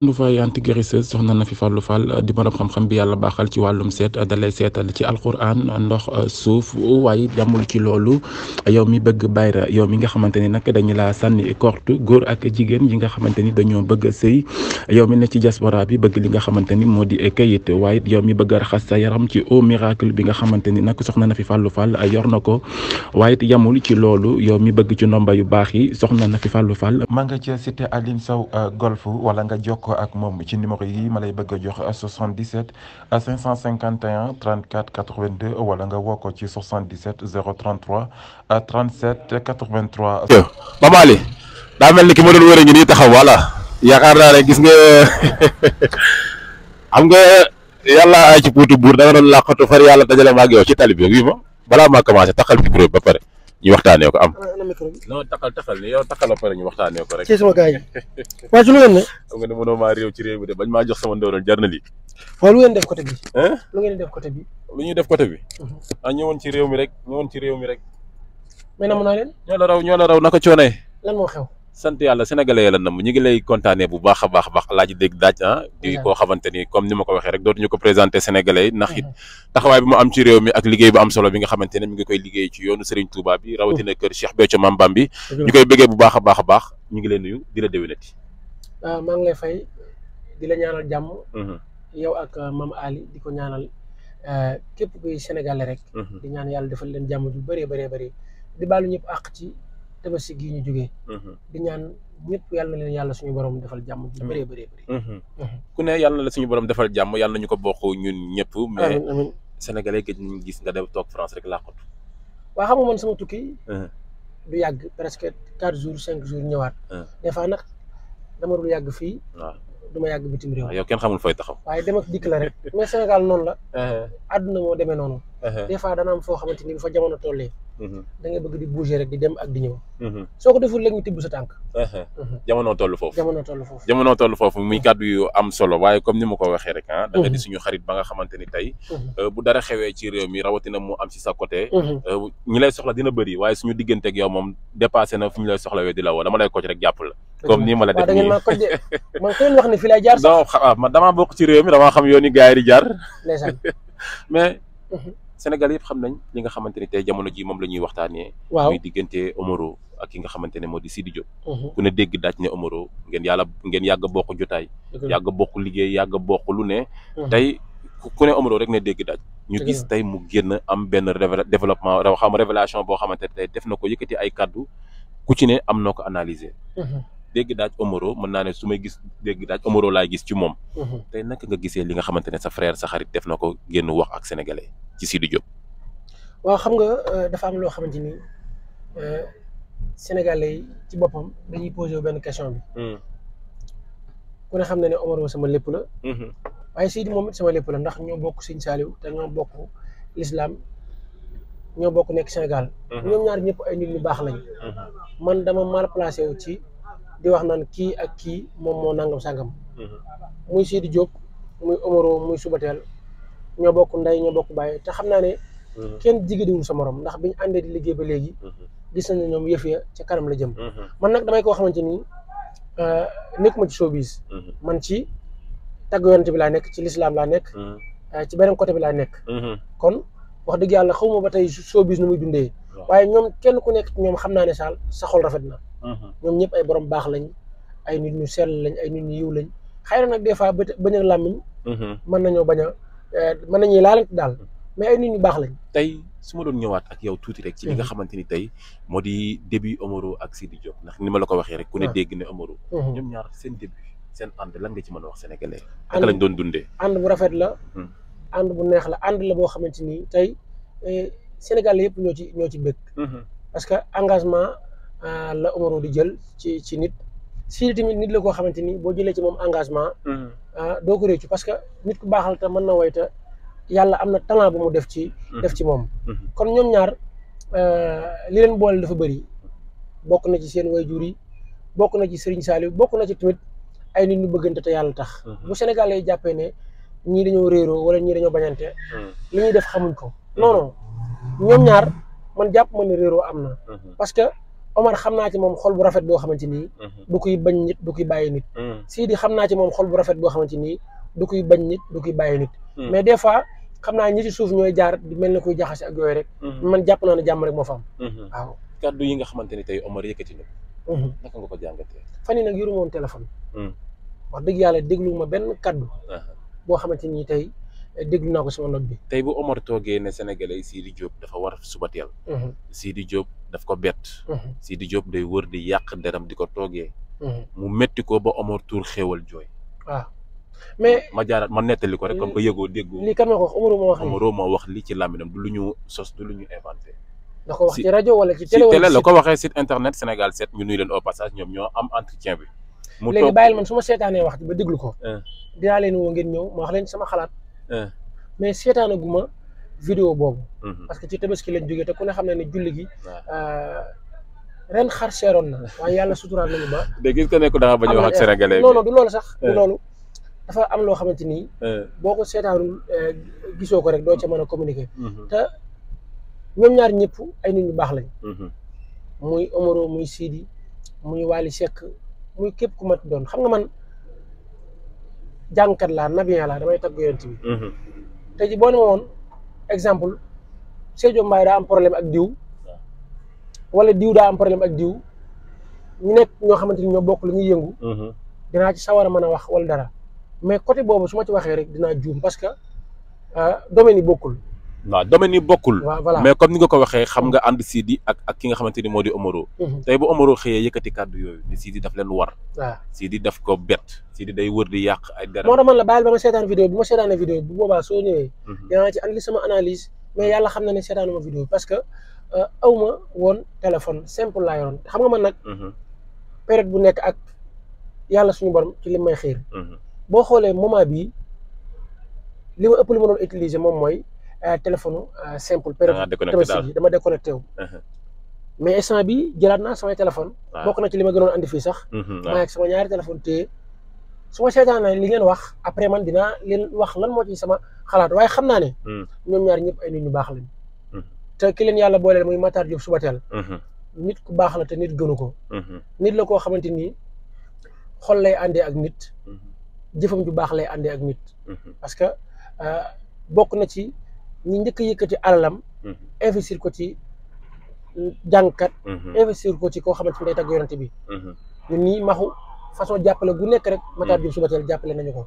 lu fay anti guérisseuse soxna na fi fàllu fal euh, di borom xam-xam bi yàlla baaxal ci wàllum seet euh, dalay seetal ci alquran euh, ndox suuf waaye yamul ci loolu yaw mi bëgg bayra yow mi nga xamante ni nag dañu laa sànni korte góor ak jigéen yi nga xamante ni dañoo bëgg a sëy yow mi ne ci diaspora bi bëgg li nga xamante ni moo di kayit waaye yow mi bëgg a raxas sa yaram ci au miracle bi nga xamante ni nag soxna na fi fàllu fal yor na ko waaye yamul ci loolu yow mi bëgg ci ndomba yu baax yi soxna na fi fàllu fal ma nga ci jokkoo ak moom ci numéro yi ma lay bëgg a jox 77 551 34 82 wala nga woo ko ci 77 033 37 83. ba Mali daa mel ni ki ma doon wér ngi nii taxaw voilà yaakaar naa ne gis nga xam nga a ci puutu buur da nga doon làqatu far yàlla dajale ma ak ci tali bi wii ma balaa maa commencé taxal micro bi ba pare. ñu waxtaanee ko am. non taxal taxal yow taxal pare ñu waxtaanee ko rek. ci sama gars yi waaye ci lu ngeen ne. xam nga ne mënoo maa réew ci réew bi de bañ maa jox sama ndóolal jar na lii. waaw lu ngeen def côté bi. lu def côté bi. lu ñuy def côté bi. Mhm. ah ñëwoon ci réew mi rek ñëwoon ci réew mi rek. mais namu naa leen. ñoo la raw ñoo la raw naka coonee. lan moo xew. sant yàlla sénégalais yi la nam ñu ngi lay kontaanee bu baax a baax a baax laaji dégg daaj ah di koo xamante ni comme ni ma ko waxee rek dootuñu ko présenté sénégalais yi ndax it taxawaay bi mu am ci réew mi ak liggéey bu am solo bi nga xamante ne mi ngi koy liggéey ci yoonu Serigne Touba bi rawatina kër Cheikh Béthio Mame Bamba bi ñu koy bëggee bu baax a baax a baax ñu ngi lay nuyu di la déwénati ah, maa ngi fay di la ñaanal jàmm mm-hmm. yow ak ah, Mame Ali di ko ñaanal ah, képp kuy sénégalais rek mm-hmm. di ñaan yàlla leen jàmm ju bëree bëree bëri si gii ñu jógee mhm. di ñaan ñëpp yàlla na leen yàlla suñu borom defal jàmm ju bëree bëree bëri mhm. mhm. ku ne yàlla la suñu borom defal jàmm yàlla ñu ko bokk ñun ñëpp mais sénégalais gëj nañu gis nga dem toog France rek làqatu waa xam nga man sama tukki du yàgg presque quatre jours cinq jours ñëwaat des fois nag dama dul yàgg fii waaw du ma yàgg bitim réew yow kenn xamul fooy taxaw waaye dem ak dikk la rek mais Sénégal noonu la àdduna moo demee noonu des fois foo xamante ni fa jamono tollee Mhm. da ngay bëgg di bouger rek di dem ak di ñëw. Mhm. soo ko deful léegi ñu tibb sa tànk. Mhm. jamono toll foofu jamono toll foofu. muy kàddu yu am solo waaye comme ni ma ko waxee rek ah. suñu xarit ba nga xamante ni tey. Euh, bu dara xewee ci réew mi rawatina mu am sa côté. Euh, ñi lay soxla dina bëri waaye suñu digganteeg yow moom dépassé na fu ñu lay soxlawee di la woo dama la. comme ma la def nii waaw da ngeen maa ko de man wax ne fii lay jaar sax. non xam ah, mi damaa xam yoon yi gars yi di jaar. mais Sénégal yëpp xam nañ li nga xamante ne tey jamono ji moom la ñuy waxtaanee. waaw muy diggante Omaro ak ki nga xamante ne moo di Sidi Diop. Mhm. ku ne dégg daaj ne Omaro ngeen yàlla ngeen yàgg a bokk jotaay. yàgg bokk liggéey yàgg bokk lu ne. Mhm. tey ku ne Omaro rek ne dégg daaj. ñu gis tey mu génn am benn développement xam révélation boo xamante ne tey def na ko yëkkati ay kàddu ku ci ne am noo ko analyser. Mhm. dégg daaj omoro mën naa ne su may gis dégg daaj omoro laay gis ci moom. tey nga gisee li nga xamante ne sa frère sa xarit def na ko génn wax ak sénégalais ci Sidi Diop. waaw xam nga euh, dafa am loo xamante ni euh, sénégalais ci boppam dañuy posé benn question bi. Hmm. ku ne xam ne ne Omar sama lépp la. Hmm. waaye Sidi moom sama lépp la ndax ñoo bokk Sëñ Saaliw te ñoo bokk lislaam ñoo bokk nekk Sénégal. Hmm. ñoom ñaar ñëpp ay nit ñu baax lañ. man dama mal placé wu ci di wax naan kii ak kii moom moo nangam sangam. muy Sidi Diop muy Omar Wa muy Subatel. ñoo bokk ndey ñoo bokk bàyyi te xam naa ne mhm. kenn jigéediwul sa moroom ndax bi biñu àndee di liggéey ba léegi mhm. gis nañ ne ñoom yëf ya ca kanam la jëm mhm. man nag damay koo xamante nii euh, nekkuma ci showbiz man ci tagg yonent bi laa nekk ci lislaam nekk euh, ci beneen côté bi laa nekk kon wax dëgg yàlla xawma ba tey showbiz nu muy dundee waaye ñoom kenn ku nekk ñoom xam naa ne saal sa xol rafet na ñoom ñëpp ay borom baax lañ ay nit ñu sell lañ ay nit ñu yiw lañ xëy nag des fois bañ a làmmiñ mën nañoo bañ a Euh, mën nañuy laalante daal mais ay ñu baax lañ. tey su ma doon ñëwaat ak yow tuuti rek. ci li nga mhm. xamante ni tey moo di début Omaro ak Sidi Diop ndax ni ma la ko waxee rek. ku ne dégg ne Omaro. Mhm. ñoom ñaar seen début seen ànd lan nga ci mën a wax sénégalais. ak doon dundee. ànd bu rafet la. Hmm. ànd bu neex la ànd la boo xamante ni tey eh, sénégalais yëpp ñoo ci ñoo ci bëgg. Hmm. parce que engagement euh, la Omaro di jël ci ci nit. Sidi tamit nit la koo xamante ni boo jëlee ci moom engagement. Hmm. Euh, doo ko réccu parce que nit ku baaxal ta mën na woy yàlla am na talent bu mu def ci mhm. def ci moom mhm. kon ñoom ñaar euh, li leen boole dafa bëri bokk na ci seen wayjur yi bokk na ci Serigne Saliou bokk na ci tamit ay nit ñu bëggante te yàlla tax mhm. bu Sénégal lay jàppee ne ñii dañoo réeroo wala ñii dañoo bañante li ñuy def xamuñ ko non ñaar man jàpp ma réeroo am na parce que Omar xam naa ci moom xol bu rafet boo xamante ni. Mhm. du koy bañ nit du koy bàyyi nit. Mhm. Sidi xam naa ci moom xol bu rafet boo xamante ni du koy bañ nit du koy bàyyi nit. Mhm. mais des fois xam naa ñi ci suuf ñooy jaar di mel ne kuy jaxase ak yooyu rek. man jàpp naa ne jàmm rek moo fa am. waaw kaddu yi nga xamante ni tey Omar yëkkati na ko. naka nga ko jàngatee. fan yii nag yoru moom téléphone. wax dëgg yàlla déglu ma benn kaddu. boo xamante ni tey eh, déglu naa ko sama note bi. tey bu Omar toogee ne Sénégalais Sidi Diop dafa war suba teel. Sidi Diop daf ko bett. Mhm. Sidi Diop day wër di yàq nderam di ko toogee. Mhm. mu metti ko ba Omar Tour xéewal jooy. waaw ah. mais ma jaaraat ma nettali ko rek comme que yëgoo déggoo. lii kan ma ko wax Omaro moo wax Omaro moo wax lii ci làmminam du lu ñu sos du lu ñu inventé. da rajo wala ci télé wala la ko waxee site internet Sénégal 7 ñu nuy leen au passage ñoom ñoo am entretien bi. mu toog léegi bàyyil man su ma seetaanee wax ba déglu ko. Euh. dinaa leen woo ngeen ñëw ma wax leen sama xalaat. Euh. mais seetaanaguma vidéo boobu. Mhm. parce que ci tabaski lañ jógee te ku ne xam ne ne julli gi. Euh, ren xar seeroon na waaye yàlla suturaal nañu ba. de gis nga ne ko dafa bañ wax ak eh, sénégalais non non sax. loolu dafa am loo xamante ni. boo ko seetaanul euh, gisoo ko rek doo ca mën a communiquer. Mhm. te ñoom ñaar ñëpp ay nit ñu baax lañ. Mhm. muy Omaro muy Sidi muy Wally Seck muy képp ku mat doon xam nga man jàngkat laa nabiyan laa damay tagg yonent bi. te ji boo ne woon. exemple Sadio Mbaye daa am problème ak diw wala diw daa am problème ak diw ñu nekk ñoo xamante ni ñoo bokk lu ñuy yëngu mhm. dinaa ci sawar a mën a wax wala dara mais côté boobu su ma ci waxee rek dinaa juum parce que ah, domaine yi bokkul waaw domaine yi bokkul mais comme ni nga ko waxee xam nga mm-hmm. ànd Sidi ak ak ki nga xamante ni moo di Omaro mm-hmm. tey bu Omaro xëyee yëkkati kàddu yooyu ni Sidi daf leen war waaw Sidi daf ko bett Sidi day wër di yàq ay dara moo tax man la bàyyil ba ma seetaan vidéo bi bu ma seetaanee vidéo bu boobaa soo ñëwee dinaa mm-hmm. ci andi sama analyse mais yàlla xam na ne seetaanuma vidéo parce que euh, ma woon téléphone simple laa yoroon xam nga man nag période bu nekk ak yàlla suñu borom ci may xiir boo xoolee moment bii li ma ëpp li ma doon utiliser moom mooy Euh, téléphone euh, simple. période tamit dama déconnecté wu. Uh-huh. mais instant bi jëlaat naa samay téléphone bokk na ci li ma gënoon andi fii sax. Uh-huh, maa ngi sama ñaari téléphone téye su ma seetaanee li ngeen wax après man dinaa leen wax lan moo ci sama xalaat waaye xam naa ne. Hmm. ñoom ñaar ñëpp ay nit ñu baax hmm. te ki leen yàlla booleel muy Matar Diop Subatel. Uh-huh. nit ku baax la te nit gënu ko. nit la koo xamante ni xol lay àndee ak nit. jëfam ju baax lay àndee ak nit. parce que euh, bokk na ci. ñu njëkk a yëkkati alalam. Mhm. investir ko ci jàngkat. Mhm. investir ko ci koo xamante ni ta tagg yorante bi. Mhm. ñun nii maxu façon jàppale gu nekk rek. Matar Diop Soubatel jàppale nañu ko.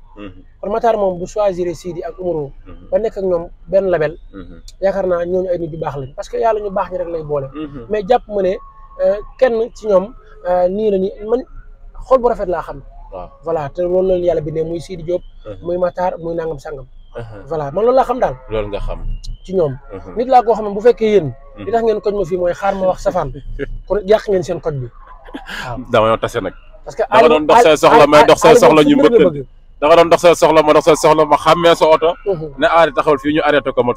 kon Matar moom bu choisir Sidi ak Umaru. ba nekk ak ñoom benn label. yaakaar naa ñooñu ay nit yu baax lañ parce que yàlla ñu baax ñi rek lay boole. mais jàpp ma ne euh, kenn ci ñoom euh, nii la nii man xol bu rafet laa xam. waaw voilà te loolu la yàlla bindee muy Sidi Diop. muy Matar muy nangam sangam. Uh-huh. voilà man loolu la xam daal. lool nga xam. ci ñoom. Uh-huh. nit laa koo xam ne bu fekkee yéen. Hmm. li tax ngeen koj ma fii mooy xaar ma wax safaan kon yàq ngeen seen koj bi dama yow tase nag. parce que dama doon dox seen dox seen soxla ñu mbëkk. dama doon dox seen ma dox seen soxla ma xàmmee sa uh-huh. ko ma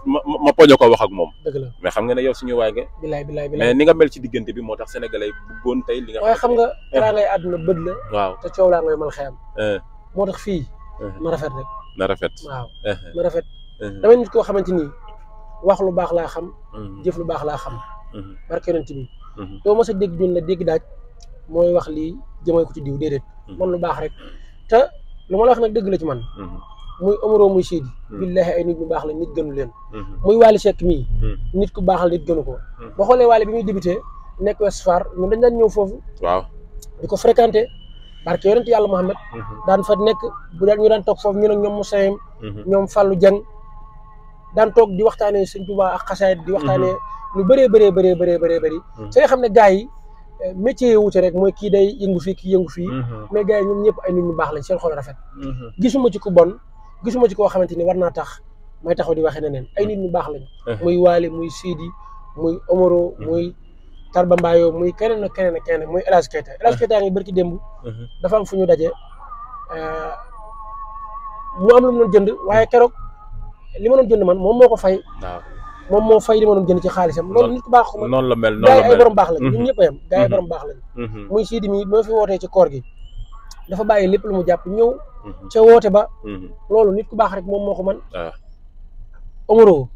ma ko wax ak moom. dëgg la mais xam nga ne yow nga. bilaay bilaay bilaay mais ni nga xam waaye xam nga. raa ngay àdduna bët la. te coow laa ngay mën xeyam. Eh. moo tax fii eh. ma rafet rek na rafet waaw uh-huh. na rafet uh-huh. damay nit koo xamante ni wax lu baax laa xam uh-huh. jëf lu baax laa xam barke yonent bi doo mos a dégg ñun la dégg daaj mooy wax lii jëmee ko ci diw déedéet man lu baax rek te lu ma la wax nag dëgg la ci man muy Omaro muy Sidi billaahi ay nit ñu baax la nit gënu leen muy Wally Seck mii nit ku baaxal la nit gënu ko ba xoolee Wally bi muy débuté nekk West Far ñun dañ daan ñëw foofu di ko fréquenté barke yonent yàlla Muhammad mhm. daan fa nekk bu ñu daan toog foofu ñu ne ñoom Moussa mhm. ñoom Fallou Dieng daan toog di waxtaanee Sëñ Tuubaa ak xasaayid di waxtaanee mhm. lu bëree bëree bëree bëree bëree bëri si xam ne gars yi eh, métier yi wuute rek mooy kii day yëngu fii kii yëngu fii mais gars ñëpp ay nit ñu baax lañ seen xol rafet gisuma ci ku bon gisuma ci koo xamante ni war naa tax may taxu di waxee neneen ay nit ñu baax lañ muy Waale muy Sidi muy Omoro muy ba mbaa Mbayo muy keneen ak keneen ak keneen muy El Hadj Keita El Hadj Keita ngi bërki démb uh-huh. dafa am fu ñu daje euh, mu am lu mu jënd waaye keroog li ma doon jënd man moom moo ko fay moom moo fay li ma doon jënd ci xaalisam loolu nit ku baax la mel uh-huh. gars yi ay borom baax lañ a yem baax lañ muy siidi mi moo fi wootee ci koor gi dafa bàyyi lépp lu mu jàpp ñëw uh-huh. ca woote ba loolu nit ku baax rek moom moo ko man ah. Omaro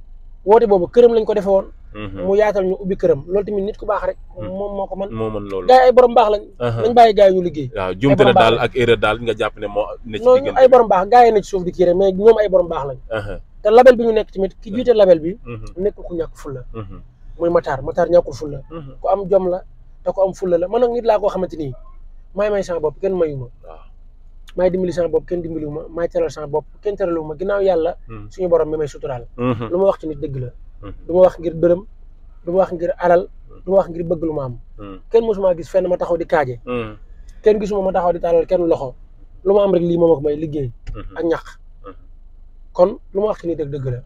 woote boobu këram lañ ko defe woon Mhm. mu yaatal ñu ubbi këram loolu tamit nit ku baax rek mhm. moom moo ko mën moo mën loolu gars yi ay borom baax lañ mhm. nañ bàyyi gars yi ñu liggéey jumte la daal ak erreur daal nga jàpp ne moo ne ci diggante ay borom baax gars yi ne ci suuf di kii rek mais ñoom ay borom baax lañ te label bi ñu ku ñàkk fulla muy Matar Matar ñàkkul fulla ku am jom la te ku am fulla la man nag nit laa koo xamante nii maay may sama bopp kenn mayu ma maay dimbali sama bopp kenn dimbaliwu ma maay teral sama bopp kenn teralu ma ginnaaw yàlla suñu borom mi may lu ma wax ci nit dëgg la du ma wax ngir bërëm lu ma wax ngir alal du ma wax ngir bëgg lu ma am kenn mosuma gis fenn ma taxaw di kaaje kenn gisuma ma taxaw di taalal kenn loxo lu ma am rek lii moom ak may liggéey ak ñaq kon lu ma wax ci nii dëgg dëgg la.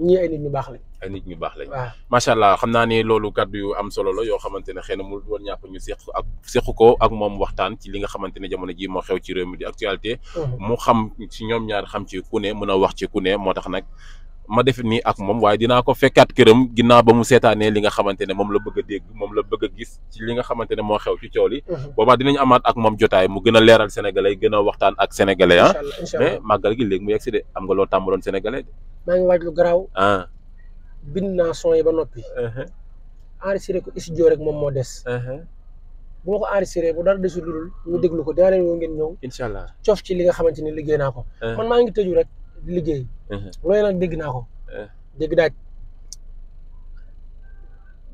ñii baax lañ. ay nit ñu baax lañ. waaw macha allah xam naa ni loolu kàddu yu am solo la yoo xamante ne xëy na mu war ñu seq ak seq ko ak moom waxtaan ci li nga xamante ne jamono ji moo xew ci réew mi di actualité. Hmm. mu xam ci ñoom ñaar xam ci ku ne mën a wax ci ku moo tax nag. ma def nii ak moom waaye dinaa ko fekkaat këram ginnaaw ba mu seetaanee li nga xamante ne moom la bëgg a dégg moom la bëgg gis ci li nga xamante ne moo xew ci coow li mhm. boobaa dinañ amaat ak moom jotaay mu gën a leeral sénégalais gën a waxtaan ak sénégalais ah mais màggal gi léegi mu yegsi de am nga loo tàmbaloon sénégalais maa ngi waaj lu garaaw ah. bind naa son yi ba noppi uh-huh. enregistré ko studio rek moom moo des uh-huh. bu ko enregistré bu dara desul dul ñu déglu ko dinaa leen woo ngeen ñëw incha allah cof ci li nga xamante ni liggéey naa ko uh-huh. man maa ngi tëju rek liggéey loolu nag dégg naa ko dégg daaj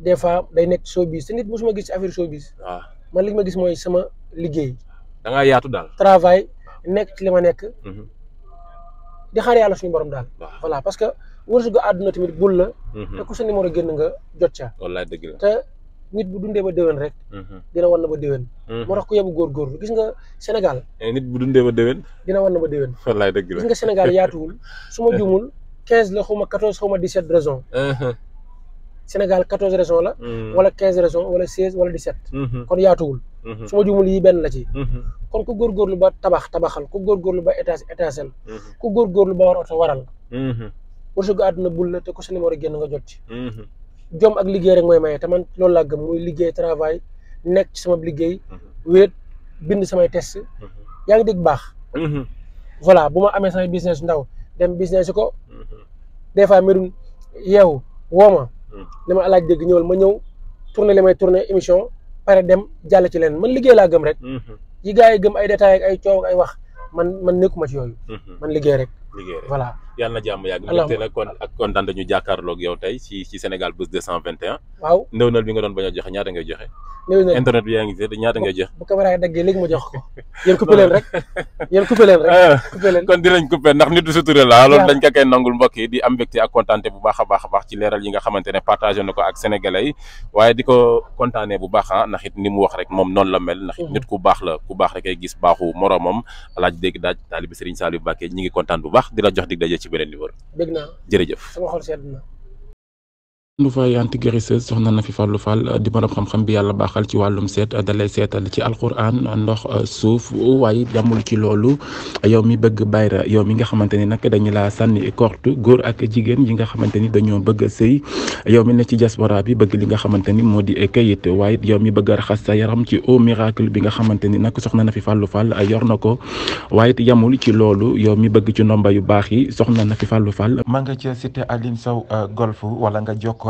des fois day nekk showbiz te nit mosuma gis ci affaire soo waaw ah. man li ma gis mooy sama liggéey da ngaa yaatu daal travail nekk ci li ma nekk di xaar yàlla suñu borom daal voilà parce que wërsëgu àdduna tamit bul la te ku sa numéro génn nga jot ca wallaay dëgg nit bu dundee ba déwén rek. Mhm. dina wan na ba déwén. Mhm. moo tax ku yebu góorgóorlu gis nga Sénégal. Eh, nit bu dundee ba déwén. dina wan na ba déwén. wallaay dëgg la gis nga Sénégal yaatuwul su ma jumul 15 la xaw ma 14 xaw ma 17 raison mhm. Sénégal 14 raisons la. wala 15 raisons wala 16 wala 17. kon yaatuwul. su ma jumul yi benn la ci. kon ku góorgóorlu ba tabax tabaxal ku góorgóorlu ba étage étagel. ku góorgóorlu ba war oto waral. wërsëgu àdduna bul la te ku sa numéro génn nga jot ci. jom ak liggéey rek mooy maye te man loolu laa gëm muy liggéey travail nekk ci sama liggéey. Mhm. wéet bind samay test. Mhm. yaa ngi dégg baax. Mhm. voilà bu ma amee samay business ndaw dem business ko. des fois mbirum yeewu woo ma. ne ma alaaj dégg ñëwal ma ñëw tourné li may tourné émission pare dem jàll ci leen man liggéey laa gëm rek. yi yi gëm ay détails ay coow ay wax man man nekkuma ci yooyu. man liggéey rek. liggéey voilà yàlla na jàmm yàgg mbégte nag kon ak kontaan dañu jàkkaarloog yow tey ci ci Sénégal Buzz 221 waaw ndéwnal a joxe ñaata ngay joxe internet bi yaa ngi gis ñaata ngay joxe ah, kon dinañ coupé ndax nit du suturé la dañ ko koy nangul mbokk di am mbégte ak kontaante bu baax a baax a baax ci leeral yi nga xamante ne partagé na ko ak sénégalais waaye di ko bu baax ah ndax it ni mu wax rek moom noonu la mel ndax it mhm. nit ku baax la ku baax rek ay gis baaxu moroomam alaaj dégg daaj taalibi baax di la jox dig daje ci beneen numéro. bëgg naa jërëjëf sama xol sedd na. Louvain anti guérisseuse soxna na fi fàllu fàll di borom xam-xam bi yàlla baaxal ci wàllum seet dalay seetal ci alxuraan ndox euh, suuf waaye yamul ci loolu yow mi bëgg bayra yow ni nag dañu laa sànni kortu góor ak jigéen yi nga xamante ni dañoo bëgg sëy yow mi ne ci diaspora bi bëgg li nga xamante ni moo di kayit waaye yow mi bëgg raxas sa yaram ci eau miracle bi nga xamante ni nag soxna na fi fàllu fàll euh, yor na ko waaye yamul ci loolu yow mi bëgg ci ndomba yu baax yi soxna na fi fàllu fàll ma nga ci cité Aline euh, Golf wala nga jokk